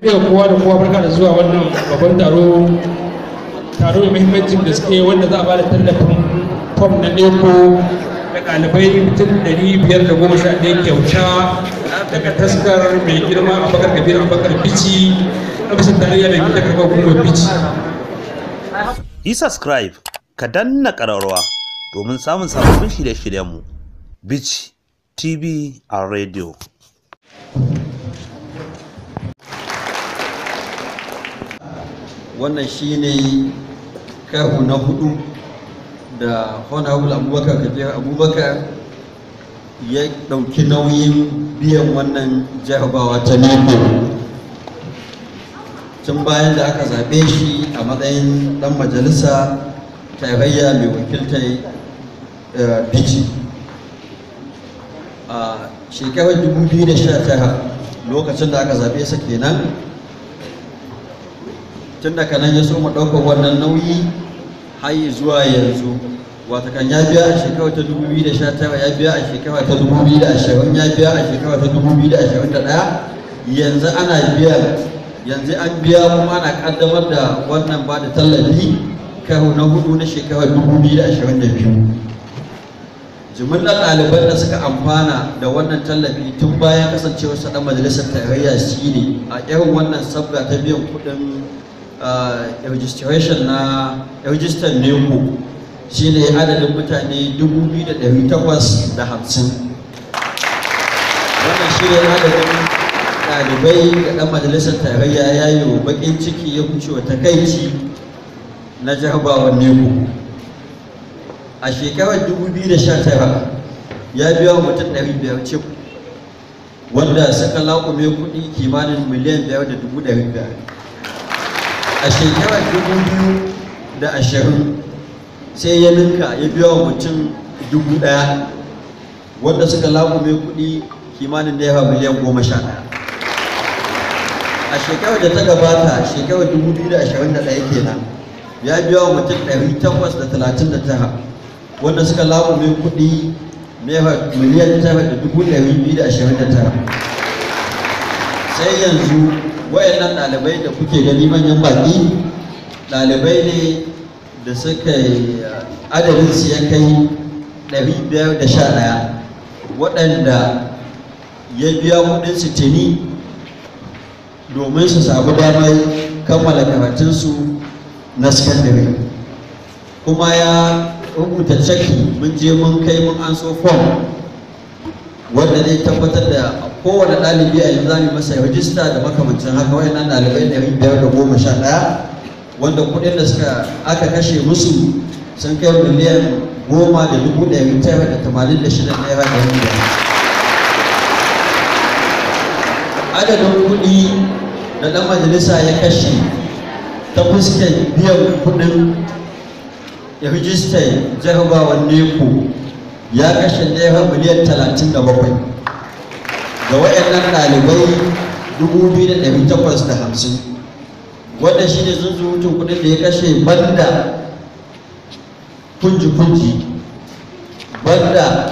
Daga kowa da kowa barka da zuwa wannan babban taro taro mai muhimmancin da suke wanda za a bada tallafin fom na neko da ɗalibai mutum ɗari biyar da goma sha ɗaya kyauta daga taskar mai girma a bakar gabi a bakar bici na bisa tarayya mai gina karɓar kuma bici. Yi subscribe ka danna ƙararrawa domin samun sababbin shirye-shiryenmu. Bici TV a rediyo. wannan shi shine kahu na hudu da honorable abubakar kabir abubakar ya ɗauki nauyin biyan wannan jarabawa ta nemo tun bayan da aka zaɓe shi a matsayin ɗan majalisa tarayya mai wakiltar eh, biki a shekarar 2019 lokacin da aka zaɓe sa kenan tun daga nan ya so mu ɗaukar wannan nauyi har zuwa yanzu kan ya biya a shekara ta 2019 ya biya a shekara ta 2020 ya biya a shekara ta 2021 yanzu ana biya yanzu an biya kuma ana kaddamar da wannan ba da tallafi karo na hudu na shekarar 2022 jimillar ɗaliban da suka amfana da wannan tallafi tun bayan kasancewar sa majalisar tarayya shine a irin wannan sabga ta biyan kuɗin Eh, registration na register shi shine adadin mutane 2,850 wannan shi ne adadin ɗalibai da ɗan majalisar tarayya ya yi baƙin ciki ya kuce wa takaici na ne ku a shekarar 2019 ya biya mutum 500 cif wanda suka laƙume kuɗi kimanin miliyan 5,500 a shekarar dubu biyu da ashirin sai ya ninka ya biya wa mutum dubu ɗaya wanda suka lagume kuɗi kimanin da ya hau miliyan goma sha ɗaya a shekarar da ta gabata shekarar dubu biyu da ashirin da ɗaya kenan ya biya wa mutum ɗari takwas da talatin da tara wanda suka lagume kuɗi naira miliyan tara da dubu ɗari biyu da ashirin da tara sai yanzu wayannan ɗalibai da kuke gani manyan baki ɗalibai ne da suka yi eh, adadin su ya kai ɗaya waɗanda ya biya kuɗin su tuni domin su samu damar kammala karatunsu na sakandare kuma ya rubuta cakki mun je mun kai mun an so fom wanda zai tabbatar da kowane ɗalibi a yanzu zai masa rajista da makamancin haka nan ɗalibai ne biyar da goma sha ɗaya wanda kuɗin da suka aka kashe musu sun kai miliyan goma da dubu ɗari tara da tamanin da shida naira da yanzu adadin kuɗi da ɗan majalisa ya kashe ta fuskar biyan kuɗin rijistar jarabawar neko ya kashe naira miliyan 37 ga waɗannan ɗalibai 2,850 wanda shi ne zunzurutun kudin da ya kashe banda kunji-kunji banda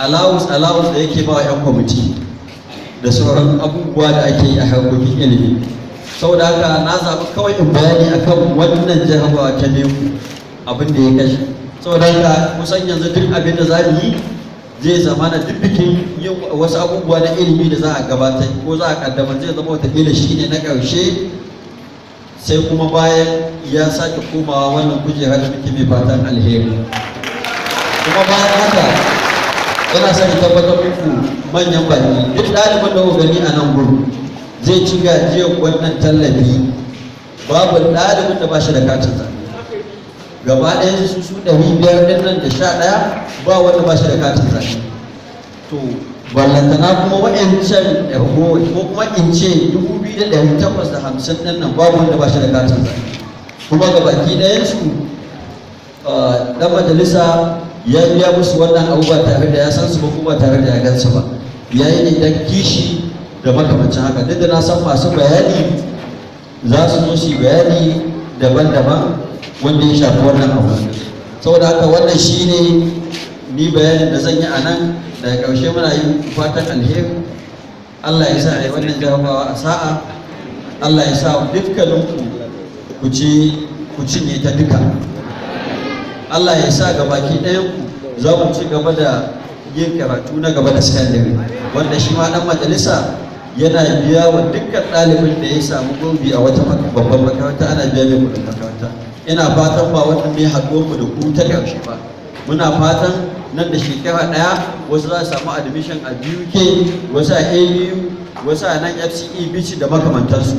allowance-allowance da yake ba wa 'yan kwamiti da sauran abubuwa da ake yi a harkokin ilimi saboda haka na zaɓi kawai in bayani akan wannan jarabawa ta nemo abin da ya kashe saboda haka kusan yanzu duk abin da za mu yi zai zama duk bikin yin wasu abubuwa na ilimi da za a gabatar ko za a kaddamar zai zama watakila shi ne na ƙarshe sai kuma bayan ya sake komawa wannan kujera da muke mai fatan alheri kuma bayan haka yana sani tabbatar muku manyan baki duk ɗalibin da gani a nan gudu zai ci gajiyar wannan tallafi babu ɗalibin da ba shi da katin gaba ɗaya su su ɗari biyar ɗin nan da sha ɗaya ba wanda ba shi da katin zaki to ballantana kuma wa'ancan ko kuma in ce dubu biyu da ɗari takwas da hamsin ɗin nan babu wanda ba shi da katin zaki. kuma ga baki ɗayan su ɗan majalisa ya biya musu wannan abubuwa tare da ya san su ba kuma tare da ya gan su ba ya yi ne dan kishi da makamancin haka duk da na san masu bayani za su zo su bayani daban-daban wanda ya shafi wannan abu saboda haka wannan shi ne ni bayanin da zan yi a nan da ya ƙarshe muna yi fatan alheri Allah ya sa a yi wannan jarabawa a sa'a Allah ya sa dukkaninku ku ku cinye ta duka Allah ya sa ga baki ɗayan ku za ku ci gaba da yin karatu na gaba da sikandare. wanda shi ma ɗan majalisa yana biya wa dukkan ɗalibin da ya samu gobi a wata babban makaranta ana biya mai kuɗin makaranta ina fatan ba wannan ne mu da ku ta ƙarshe ba muna fatan nan da shekara ɗaya wasu za su samu admission a BUK wasu a au wasu a nan FCE bici da makamantarsu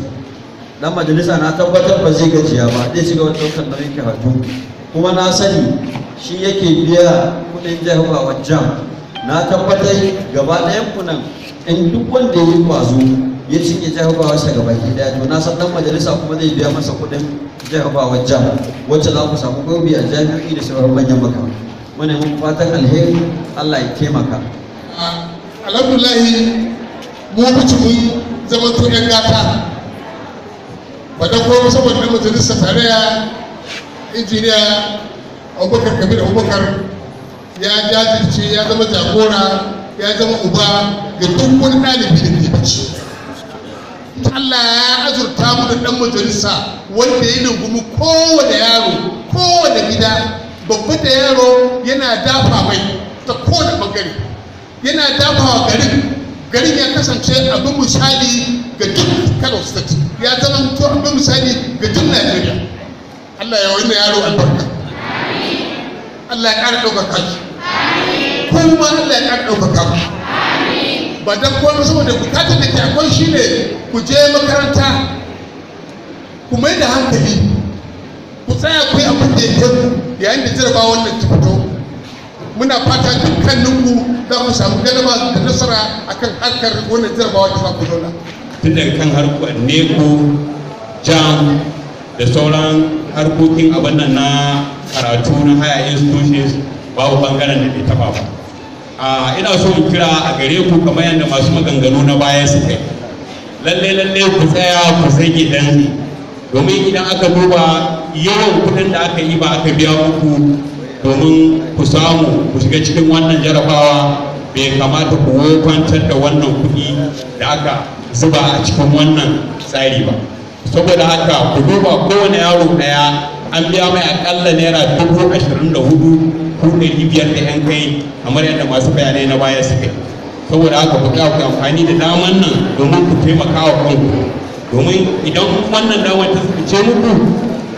dan majalisa na tabbatar ba zai gajiya ba zai shiga wata ɗaukar yake karatu kuma na sani shi yake biya kuɗin jahuwa jam na tabbatar gaba ɗayan ku nan in duk wanda ya yi kwazo ya jahuwa jarabawarsa gaba ɗaya to na san dan majalisa kuma zai biya masa kuɗin jarabawar jam wacce za ku samu gurbi a jami'o'i da sauran manyan maka wani yi fatan alheri allah ya taimaka alhamdulahi mu wuce mun zama to yan gata ba da kuma saboda majalisar tarayya injiniya abubakar kabir abubakar ya jajirce ya zama jagora ya zama uba ga duk wani ɗalibi da ke bacci Allah tattara mu da majalisa wanda ya rungumi kowane yaro kowane gida babba da yaro yana dafa mai ta kowane bangare yana dafa wa garin garin ya kasance abin misali ga duk kano state ya zama to abin misali ga duk najeriya allah ya wani yaro albarka allah ya ƙara ɗaukaka shi kuma allah ya ƙara ɗaukaka shi ba dan komai saboda bukatar da ke akwai shine ku je makaranta ku mai da hankali ku tsaya ku yi abin da ya ku yayin da jirgin wannan ta fito muna fata dukkaninku za ku samu galaba da nasara a kan harkar wannan jirgin da za ku zauna tun da kan harkar neko jam da sauran harkokin abin na karatu na haya institutions babu bangaren da bai taba ba a ina so in kira a gare ku kamar yadda masu maganganu na baya su kai lalle lalle ku tsaya ku zage dan domin idan aka duba yawan kudin da aka yi ba aka biya muku domin ku samu ku shiga cikin wannan jarabawa bai kamata ku kwantar da wannan kuɗi da aka zuba a cikin wannan tsari ba saboda haka ku duba kowane yaro ɗaya an biya mai akalla naira dubu ashirin da hudu ko ɗari biyar da yan kai kamar yadda masu bayanai na baya suka yi saboda haka ku ku amfani da daman nan domin ku taimaka wa kanku domin idan wannan dawar ta fice muku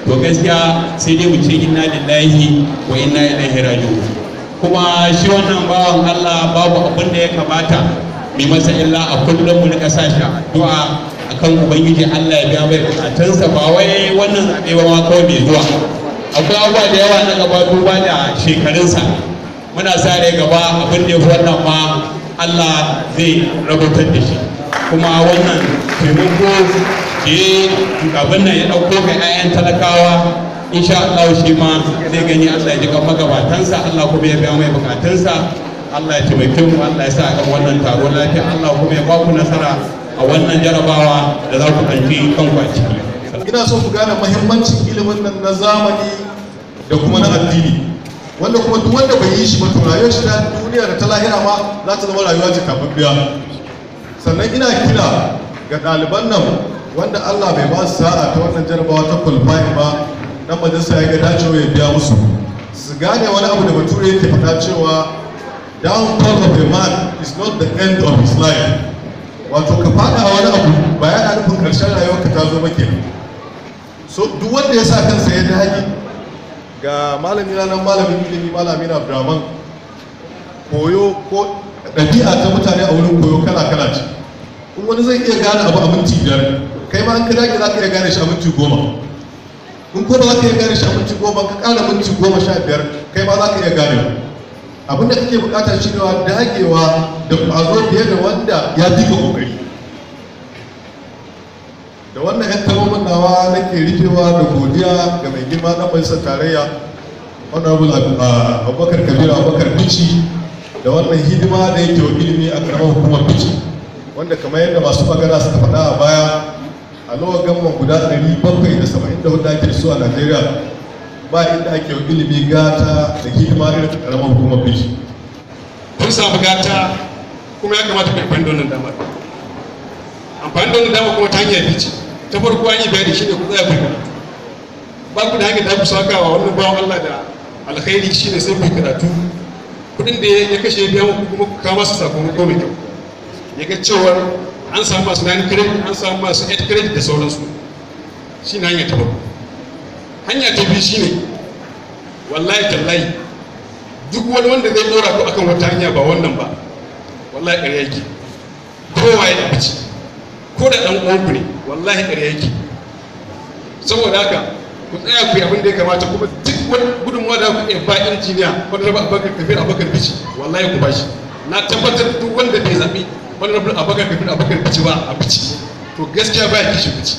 to gaskiya sai dai mu ce inna lillahi wa inna ilaihi raji'un kuma shi wannan bawan Allah babu abin da ya kamata mai masa illa a kullum mu rika sa shi addu'a akan ubangiji Allah ya biya mai bukatunsa ba wai wannan zabe ba ma kawai mai zuwa akwai abubuwa da yawa na gaba duba da shekarunsa muna sa rai gaba abin da ya fi wannan ma Allah zai rabutar da shi kuma wannan taimako da abin nan ya ɗauko ga 'ya'yan talakawa insha Allah shi ma zai gani Allah ya ji kan magabatansa Allah kuma ya biya mai bukatunsa Allah ya taimake mu Allah ya sa a wannan taro lafiya Allah kuma ya baku nasara a wannan jarabawa da za ku kan ku a ciki ina so ku gane muhimmancin ilimin nan na zamani da kuma na addini wanda kuma duk wanda bai yi shi ba to rayuwar shi ta duniya da ta lahira ma za ta zama rayuwa jikafaffiya sannan ina kira ga ɗaliban nan wanda allah bai ba su sa'a ta wannan jarabawa ta kulfai ba dan majalisa ya ga dacewa ya biya musu su gane wani abu da bature yake faɗa cewa downfall of a man is not the end of his life wato ka faɗa wani abu ba ya yana nufin ƙarshen rayuwarka ta zo ba kenan so duk wanda ya sa kansa ya dage ga malami na nan malamin ilimi malamin abdurrahman koyo ko ɗabi'a ta mutane a wurin koyo kala kala ce in wani zai iya gane abu a minti biyar kai ma an ka dage za ka iya gane shi a minti goma in ko ba za ka iya gane shi a minti goma ka ƙara minti goma sha biyar kai ma za ka iya gane abin da kake buƙata shi ne dagewa da ƙwazo fiye da wanda ya fi ka ƙoƙari da wannan yan taromin nawa nake rikewa da godiya ga mai girma ɗan majalisar tarayya honorable ah, abubakar kabiru abubakar bici da wannan hidima da yake wa ilimi a karamar hukumar bici wanda kamar yadda masu magana suka faɗa a baya a lowa gamman guda 774 ake da da so a najeriya ba inda ake wa ilimi gata da hidima irin karamar hukumar bici kun samu gata kuma ya kamata kai amfani da wannan damar amfani da wannan damar kuma ta hanyar bici ta farko an yi bayani shi ne ku tsaya kuka ba ku da hanyar da ku saka wa wannan bawan allah da alkhairi shi shine sai ku karatu kudin da ya kashe biya wa kuma ku kawo masa sakamako mai kyau ya ga cewar an samu masu nine credit an samu masu eight credit da sauransu shi na hanyar ta hanya ta biyu ne. wallahi tallahi duk wani wanda zai ɗora ku akan wata hanya ba wannan ba wallahi ƙarya yake kowa ya ɗabici ko da ɗan ku ne wallahi ƙarya yake saboda haka ku tsaya ku yi abin da ya kamata kuma gudunmuwa da ku ba injiniya honorable abubakar bici wallahi ku bashi na tabbatar duk wanda bai zaɓi honorable abubakar kafir abubakar bici ba a bici to gaskiya baya kishi bici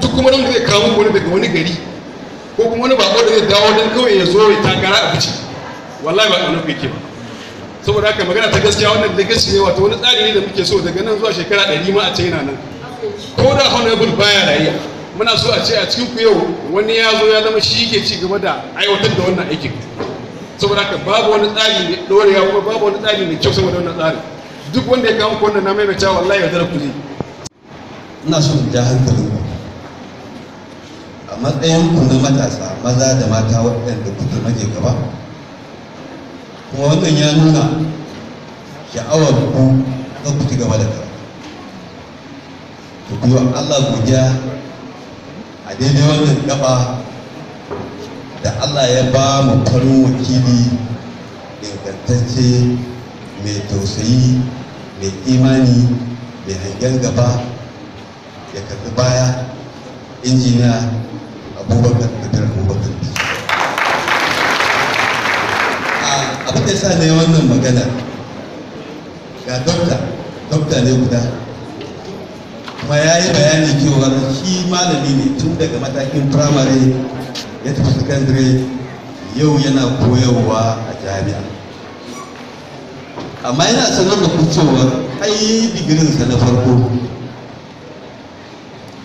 duk kuma wanda zai kawo wani daga wani gari ko kuma wani bako da zai dawo don kawai ya zo ya takara a bici wallahi ba ƙaunar yake ba saboda haka magana ta gaskiya wannan legacy ne wato wani tsari ne da muke so daga nan zuwa shekara ɗari ma a ce nan ko da honorable baya rayuwa muna so a ce a cikin ku yau wani ya zo ya zama shi yake ci gaba da aiwatar da wannan aikin saboda haka babu wani tsari mai ya kuma babu wani tsari ne kyau saboda wannan tsari duk wanda ya kawo ku wannan na maimaita wallahi ya zara ku ne ina so in ja hankali a matsayin ku na matasa maza da mata waɗanda kuke maje gaba kuma wannan ya nuna sha'awar ku za ku ci gaba da ka ku yi wa Allah godiya a daidai wannan gaba da allah ya ba mu farin wakili ingantacce mai tausayi mai imani mai hangen gaba ya karbi baya injiniya abubakar kadar abubakar abin da ya sa ne wannan magana ga dokta dokta ne guda kuma ya yi bayani cewa shi malami ne tun daga matakin firamare ya tafi sakandare yau yana koyarwa a jami'a amma yana sanar da ku cewa ai digirinsa na farko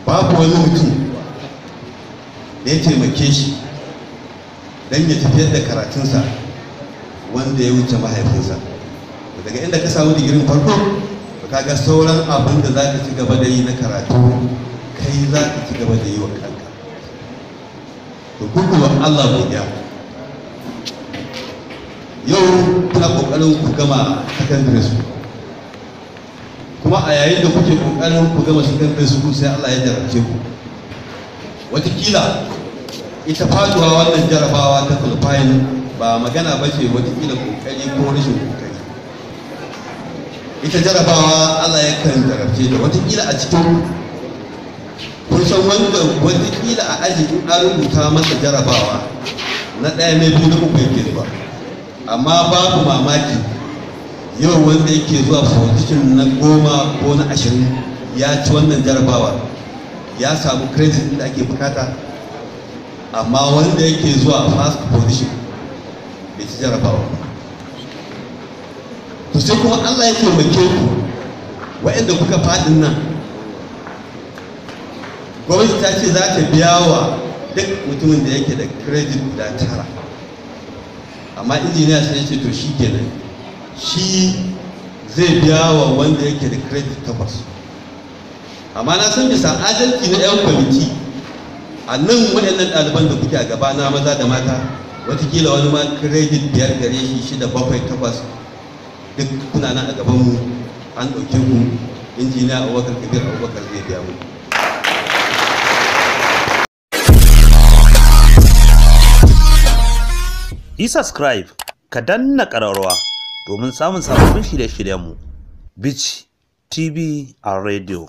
babu wani mutum da ya taimake shi don ya tafiyar da karatunsa wanda ya wuce mahaifinsa daga inda ka samu digirin farko kaga sauran abin da za ka ci gaba da yi na karatu kai za ka ci gaba da yi wa kanka to kuku wa Allah godiya yau ta kokarin ku gama secondary school kuma a yayin da kuke kokarin ku gama secondary school sai Allah ya jarabce ku watakila ita faduwa wannan jarabawa ta qualifying ba magana ba ce watakila kokari ko rashin kokari ita jarabawa Allah ya kan jarabce da watakila a cikin kun san wanda watakila a aji in an rubuta masa jarabawa na ɗaya na biyu na uku yake zuwa amma babu mamaki yau wanda yake zuwa foundation na goma ko na ashirin ya ci wannan jarabawa ya samu credit da ake bukata amma wanda yake zuwa fast position bai ci jarabawa sai kuma Allah ya taimake ku waɗanda kuka faɗin nan gwamnati ta ce za ta biya wa duk mutumin da yake da credit guda tara amma injiniya sai ya ce to shi kenan shi zai biya wa wanda yake da credit takwas amma na san bisa adalci na 'yan kwamiti a nan waɗannan ɗaliban da kuke a gaba na maza da mata watakila wani ma credit biyar gare shi shida bakwai takwas duk kuna nan a gabanmu an ɗauke ku injiniya abubakar kabir abubakar zai biya mu yi subscribe ka danna ƙararrawa domin samun sababbin shirye-shiryenmu bici tv a radio